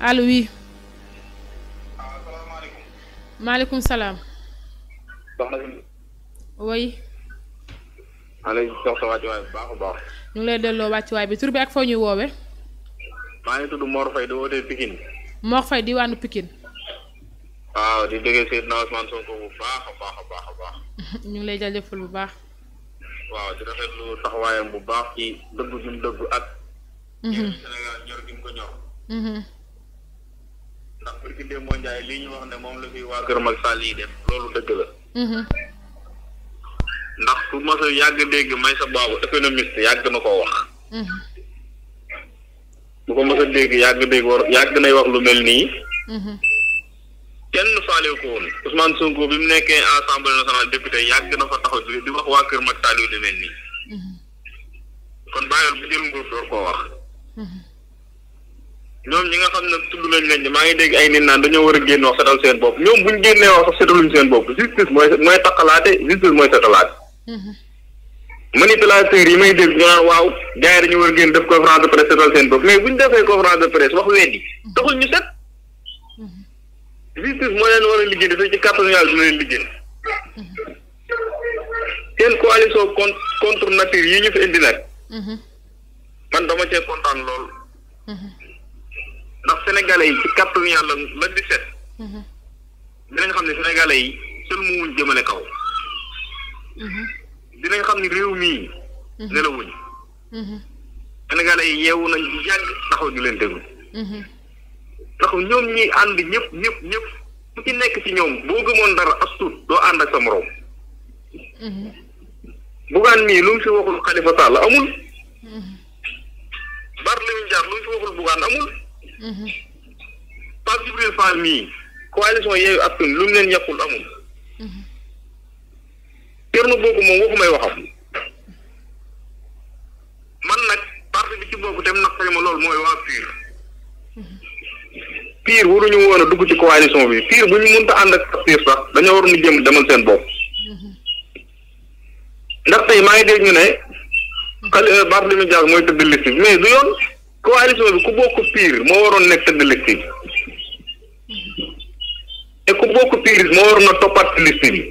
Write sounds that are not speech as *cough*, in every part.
allo wi maaleykum salaam. soxna si. oui. maa ngi lay jox sa bu baax a baax. ñu ngi lay delloo wàccuwaay bi tur bi ak foo ñuy woowee. maa ngi tudd Mor Faye di wootee pikin Mor Faye diwaanu Pikine. waaw di déggee Seydina Ousmane Sonko bu baax a baax a baax a baax. *laughs* ñu ngi lay jaajëfal bu baax. waaw di rafetlu taxawaayam bu baax ci dëgg gi dëgg ak. Mhm. Sénégal ñor gi mu ko ñor. Mhm. ndax barki démb moo njaay lii ñu wax ne moom la fi waa Kër Macky Sall dem loolu dëgg la. Mm-hmm. ndax ku ma yàgg dégg may sa baabu économiste yàgg na ko wax. bu mm-hmm. ko mos a dégg yàgg dégg war yàgg nay wax lu mel nii. Mm-hmm. kenn faale ko woon Ousmane Sonko bi mu nekkee assemblée nationale député yàgg na ko taxaw di wax waa Kër Macky Sall yu demee nii. kon bàyyoon bu jël nguur door koo wax. ñoom ñi nga xam ne tudd nañ leen ni maa ngi dégg ay nit naan dañoo war a génn wax setal seen bopp ñoom buñ génnee wax sax setaluñ seen bopp justice mooy mooy takkalaate justice mooy setalaate mm-hmm. manipulateurs yi may dégg ñu waaw gars yi dañu war a génn def conférence de presse setal seen bopp mais buñ defee conférence de presse wax weddi taxul ñu set mm-hmm. justice mooy leen war a liggéey dafay ci kàttanu yàlla dina leen liggéey mm-hmm. seen coalition contre contre nature ñu fi indi nag man dama cee kontaan lool ndax sénégalais yi ci kàttanu yàlla la di set mhm. dinañ xam ne sénégalais yi sël mu wuñ jëmale kaw mhm. dinañ xam ni réew mii mhm. nelawuñ sénégalais yi yeewu nañ di yàgg taxaw di leen déglu ndax ñoom ñi ànd ñëpp ñëpp ñëpp ku ci nekk ci ñoom boo gëmoon dara as tuut doo ànd ak sa morom bugaan mii lu mu fi waxul Khalifa Sall amul Barthélémy Dias lu mu fi waxul bugaan amul Mhm. Pape Djibril Fall mii coalition Yewwi Askan Wi lu mu leen yàqul amul. Mhm. Thierno Bocoum moom may waxam man nag parti bi ci bokk dem naqari ma loolu mooy piir PUR. PUR waruñu woon a dugg ci coalition bi PUR bu ñu mënta ànd ak PUR sax dañoo war a jëm demal seen bopp. Mhm. ndax tey maa ngi dégg ñu ne. xale euh, Barthélémy Dias mooy tëdd liste mais du yoon. coalition bi ku bokk pire moo waroon nekk tëgg liste bi te ku bokk pire moo waroon a toppat liste bi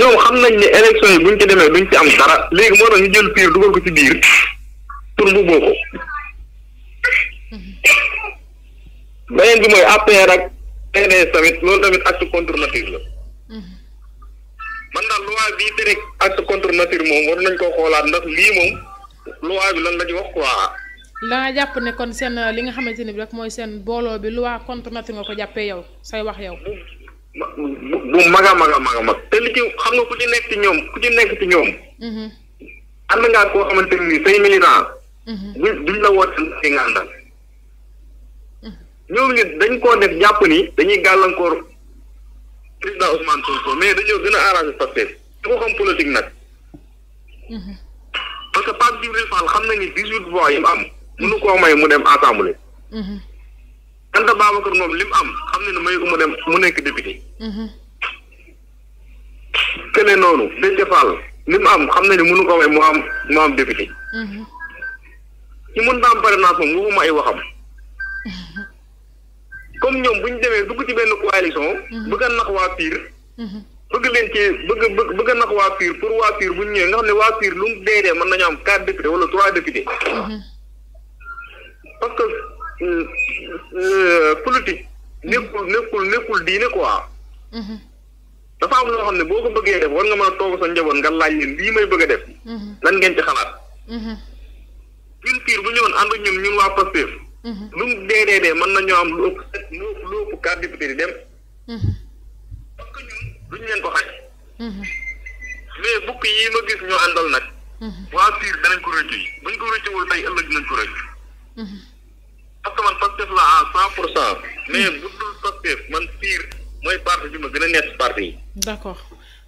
xam nañ ni élection yi buñ ci demee duñ ci am dara léegi moo tax jël piir dugal ko ci biir pour mu bokk. beneen bi mooy APR ak PDS tamit loolu tamit acte contre nature la. Mhm. man daal loi bii tere acte contre nature moom war nañ koo xoolaat ndax lii moom. loi bi lan la ñu wax quoi. da nga jàpp ne kon seen euh, li nga xamante ni bi rek mooy seen booloo bi loi contre nature nga ko a a mag a mag te li ci xam nga ku ci nekk ci ñoom ku ci nekk ci ñoom. ànd mm-hmm. ngaa koo xamante ni say militant. Mm-hmm. duñ duñ la woote ci nga àndal. ñoom nit dañ koo def jàpp ni dañuy gàllankoor président Ousmane Sonko mais dañoo gën a arrangé Pastef. da ko xam politique nag. Mm-hmm. parce que Pape Djibril Fall xam na ni dix huit voix yi mu am mënu koo may mu dem assemblée. Mhm. Anta Babacar moom li am xam na ne may mu dem mu nekk député. Mhm. kële noonu Déthié Fall li mu am xam na ne mënu koo may mu am mu am député. Mhm. ñu mën naa am parrainage moom waxuma ay waxam. *laughs* comme ñoom bu ñu demee dugg ci benn coalition. bëgg a nax waa Pire. bëgg leen ci bëgg bëgg bëgg nax waa PUR pour waa PUR bu ñu nga xam ne waa PUR lu mu dee dee mën nañu am quatre députés wala trois députés. Mm-hmm. parce que euh, politique nekkul mm-hmm. nekkul nekkul diine ko quoi. Mm-hmm. dafa am loo xam ne boo ko bëggee def war nga mën a toog sa njaboot nga laaj leen lii may bëgg def. lan ngeen ci xalaat. ñun PUR bu ñëwoon ànd ñun ñun waa Pastef. lu mu dee dee dee mën nañoo am lu ëpp lu ëpp quatre députés di dem. duñ leen ko faj. Mhm. mais bukk yi ma gis ñoo àndal nag. Mhm. waa ko rëccu yi ëllëg mhm. la à cent pour cent. mais bu mooy parti bi ma gën a nekk parti yi. d'accord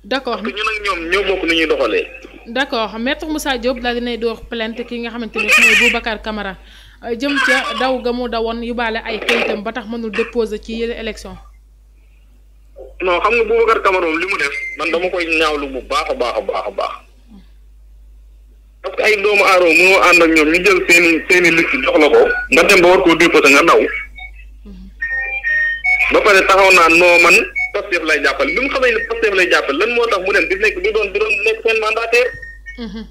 d'accord parce ñoom ñoo bokk ni ñuy doxalee. d'accord maître Moussa Diop daal dinay door plainte ki nga xamante ne mooy Boubacar Camara jëm ca daw ga mu dawoon yóbbaale ay kayitam ba tax mënul déposer ci yeneen élection non xam nga Boubacar Camara li mu def man dama koy ñaawlu bu baax baax a baax a baax parce que ay doomu aaro mënoo ànd ak ñoom ñu jël seeni seeni seen i liste jox la ko nga dem ba war koo déposé nga daw ba pare taxaw naa noo man Pastef lay jàppale bi mu xamee ne Pastef lay jàppale lan moo tax mu dem di nekk di doon di doon nekk seen mandataire. Mm-hmm.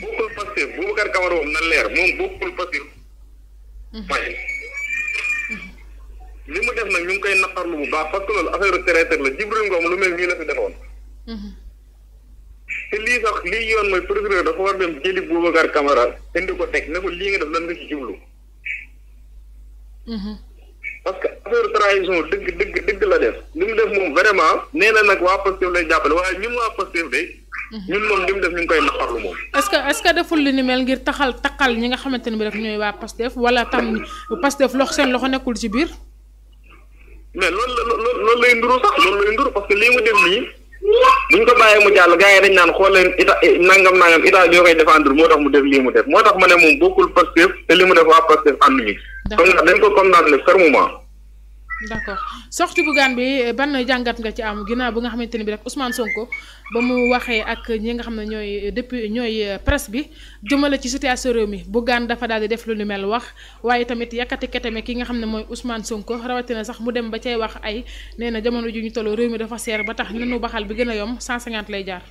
bokkul Pastef Boubacar Camara moom na leer moom bokkul Pastef. Mm-hmm. li mu def nag ñu ngi koy lu bu baax parce que loolu affaire traître la Jibril Ngom lu mel nii la fi defoon. Mhm. te lii sax lii yoon mooy procureur dafa war dem jëli Boubacar Camara indi ko teg ne ko lii nga def lan nga ci jublu. Mhm. parce que affaire trahison dëgg dëgg dëgg la def li mu def moom vraiment nee na nag waa Pastef lay jàppale waaye ñun waa Pastef de. Mhm. ñun moom li mu def ñu ngi koy naqarlu moom. est-ce que est-ce que deful li ni mel ngir taxal taxal ñi nga xamante ne bi rek ñooy waa Pastef wala tam Pastef lox seen loxo nekkul ci biir. mais loolu la loolu loolu lay nduru sax loolu lay nduru parce que lii mu def nii buñ ko bàyyee mu jàll gars yi dañ naan xool leen eh, nangam nangam état ñoo koy défendre moo tax mu def lii mu def moo tax ma ne moom bokkul Pastef te li mu def waa Pastef ànduñu. d' accord kon dañ ko condamné fermement. d' accord sortie Bougane bi ban jàngat nga ci am ginnaaw bu nga xamante ne bi rek Ousmane Sonko ba mu waxee ak ñi nga xam ne ñooy depuis ñooy presse bi jëmale ci situation réew mi Bougane dafa daal di def lu ni mel wax waaye tamit yàkkati ketame ki nga xam ne mooy Ousmane Sonko rawatina sax mu dem ba cay wax ay nee na jamono ju ñu tolloo réew mi dafa seer ba tax nenu baxal bi gën a yomb 150 lay jaar.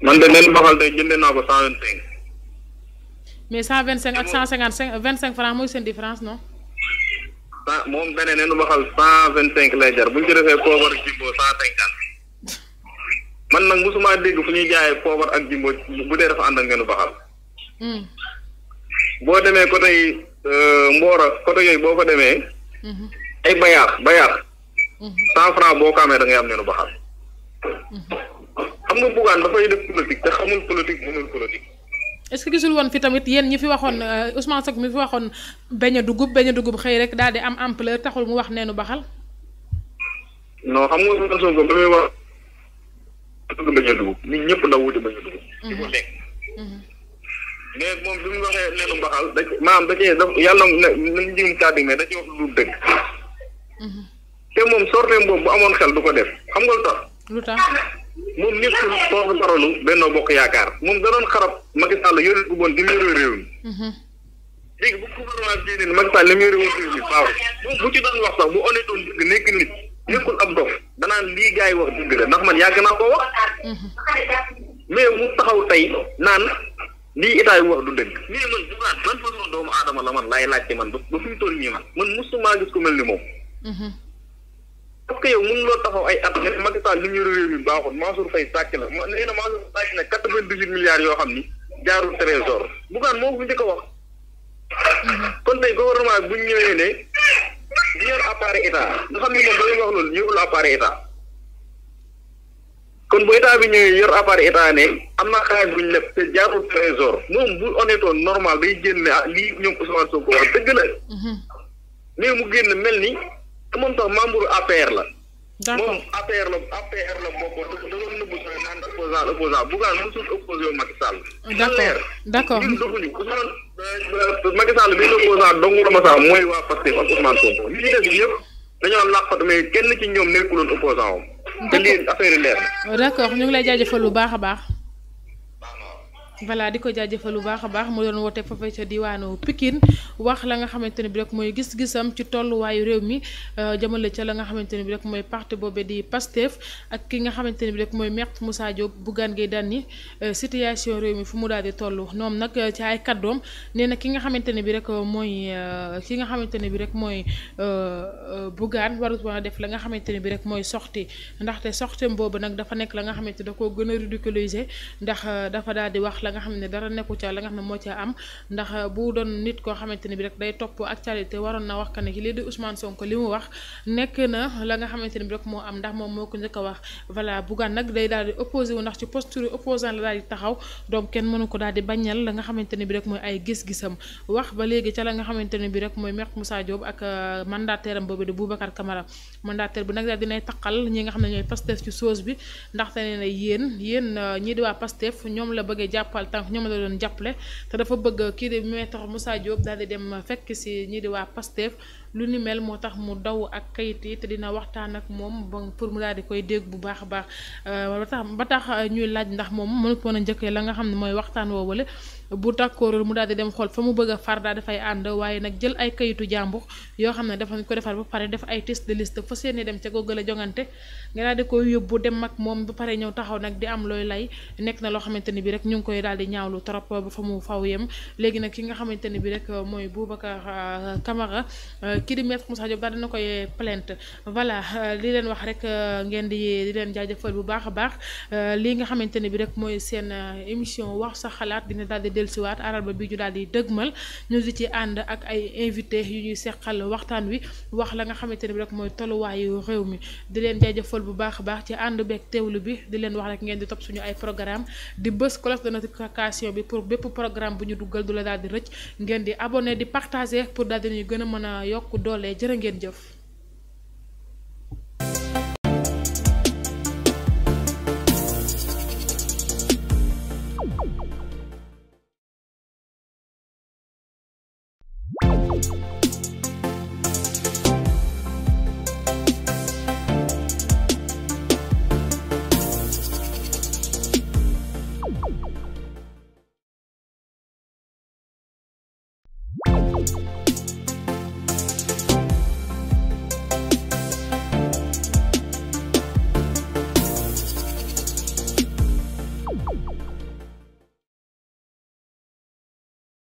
man de nenu baxal tey jëndee naa ko mais 125 ak mooy seen différence non. cent moom beneen neenu ma xal cent vingt cinq lay jar bu ñu ci defee poobar jimbo cent cinquante man nag mosuma dégg fu ñuy jaayee poobar ak jimbo bu dee dafa ànd ak ngeen baxal hmm. boo demee côté yi euh, Mboro côté yooyu boo ko demee hmm. ay bayaar bayaar hmm. cent franc boo ko amee da ngay am ngeen baxal xam nga buggaan dafay def politique te xamul politique mënul politique est-ce que gisul woon fi tamit yéen ñi fi waxoon euh, Ousmane Sonko mi fi waxoon beñ dugub beñ a dugub xëy rek daal di am ampleur taxul mu wax neenu baxal non xam nga Ousmane Sonko damay wax dugg dugub nit ñëpp ndaw wuti bañ a dugub mhm. di mhm. moom bi mu waxee neenu baxal da maanaam da cee daf yàlla nañ jigum kàddu mais da ci wax lu dëgg mhm. te moom sorteem boobu bu amoon xel du ko def xam nga lu tax moom nekkul foofu daralu Benno Bokk Yaakaar moom da doon xarab Macky Sall yore bu bon di mu yore réew mi mhm. léegi bu gouvernement bii nii Macky Sall li mu yore woon réew mi baaxul moom bu ci doon wax sax bu honnête doon dëgg nekk nit nekkul ab dof danaan lii gars yi wax dëgg la ndax man yàgg naa koo wax mhm. mais mu taxaw tey naan lii état wax du dëgg mais man bugaan ban la man laay laajte man ba ba fi mu toll nii gis ku mel ni moom mhm. parce que yow mënuloo taxaw ay at nga ne Macky Sall li ñu réew mi baaxul Mansour Faye sàcc na ma nee na Mansour sàcc na quatre vingt dix yoo xam ni jaarul trésor Bougane moo ko njëkk a wax. kon day ko bi a ñu ñëwee ne ñu yor appareil état wax loolu ñëwul appareil état. kon bu bi ñëwee yor appareil état ne am naa xaalis bu ñu leb te jaarul trésor moom bu honnêtoon normal day génn ah lii ñoom Ousmane Sonko wax dëgg la. Mhm. mais mu génn mel ni. te moom sax membre APR la. d'accord moom APR la APR la bokkoon da doon nëbbu sax naan opposant opposant Bougane mosul opposé wu Macky Sall. d'accord d'accord ñun doxuñu Ousmane euh, Macky Sall bi ñu opposant la ma sax mooy waa Pastef ak Ousmane yëpp dañoo làqatu mais kenn ci ñoom nekkuloon opposant am. d'accord ñu ngi lay jaajëfal lu baax a baax. voilà di ko jaajëfal bu baax a baax mu doon woote foofee ca diwaanu Pikine wax la nga xamante ne bi rek mooy gis-gisam ci tolluwaayu réew mi euh, jëmale ca la nga xamante ne bi rek mooy parti boobe di PASTEF ak ki nga xamante ne bi rek mooy maître Moussa Diop Bougane Gueye ni euh, situation réew mi fu mu daal di toll noonu nag euh, ca ay kaddoom nee na ki nga xamante ne bi rek mooy ki nga xamante ne bi rek mooy Bougane warut woon a def la nga xamante ne bi rek mooy sortie ndaxte sortiem boobu nag dafa nekk la nga xamante da koo gën a ridiculiser ndax dafa daal di wax la nga xam ne dara nekku ca la nga xam ne moo ca bi rek la nga xamante ne bi rek moo am ndax moom moo ko njëkk a wax voilà Bougane nag day daal di opposé wu ndax ci posture opposant la daal di mooy ay gis-gisam wax ba léegi ca la nga xamante bi rek mooy Maître Moussa ak euh, mandataire am boobu di Boubacar Camara mandataire bi nag daal dinay taqal ñi nga xam ne ñooy Pastef ci sauce bi ndaxte nee na yéen yéen euh, ñii di waa Pastef ñoom la bëggee jàpp jàppal tànk ñoom la doon jàppale te dafa bëgg kii di maître Moussa Diop daal di dem a fekk si ñii di waa Pastef lu ni mel moo tax mu daw ak kayiti te dina waxtaan ak moom ba pour mu daal di koy dégg bu baax a baax ba euh, tax ba tax euh, ñuy laaj ndax moom mënut mën njëkk njëkkee la nga xam ne mooy waxtaan woo woowale bu tàkkoorul mu daal di dem xool fa mu bëgg a far daal dafay ànd waaye nag jël ay kayitu jàmbur yoo xam ne dafa ko defar ba pare def ay test de list fa seeni dem ca googu la jongante nga daal di koy yóbbu dem ak moom ba pare ñëw taxaw nag di am looy lay nekk na loo xamante ni bi rek ñu ngi koy daal di ñaawlu trop ba fa mu faw yem léegi nag ki nga xamante ni bi rek mooy Boubacar euh, Camara kii di maître Moussa Diop dina koy plainte voilà euh, li leen wax rek euh, ngeen di di leen jaajëfal bu baax a baax euh, lii nga xamante ne bi rek mooy seen émission wax sa xalaat dina daal di dellusiwaat araba bi ñu daal di dëgmal ñu di ci ànd ak ay invité yu ñuy seqal waxtaan wi wax la nga xamante ne bi rek mooy tolluwaayu réew mi di leen jaajëfal bu baax a baax ci ànd beeg teewlu bi di leen wax rek ngeen di topp suñu ay programme di bës cloche de bi pour bépp programme bu ñu duggal du la daal di rëcc gën mën a yokk yokk doole jërë ngeen jëf.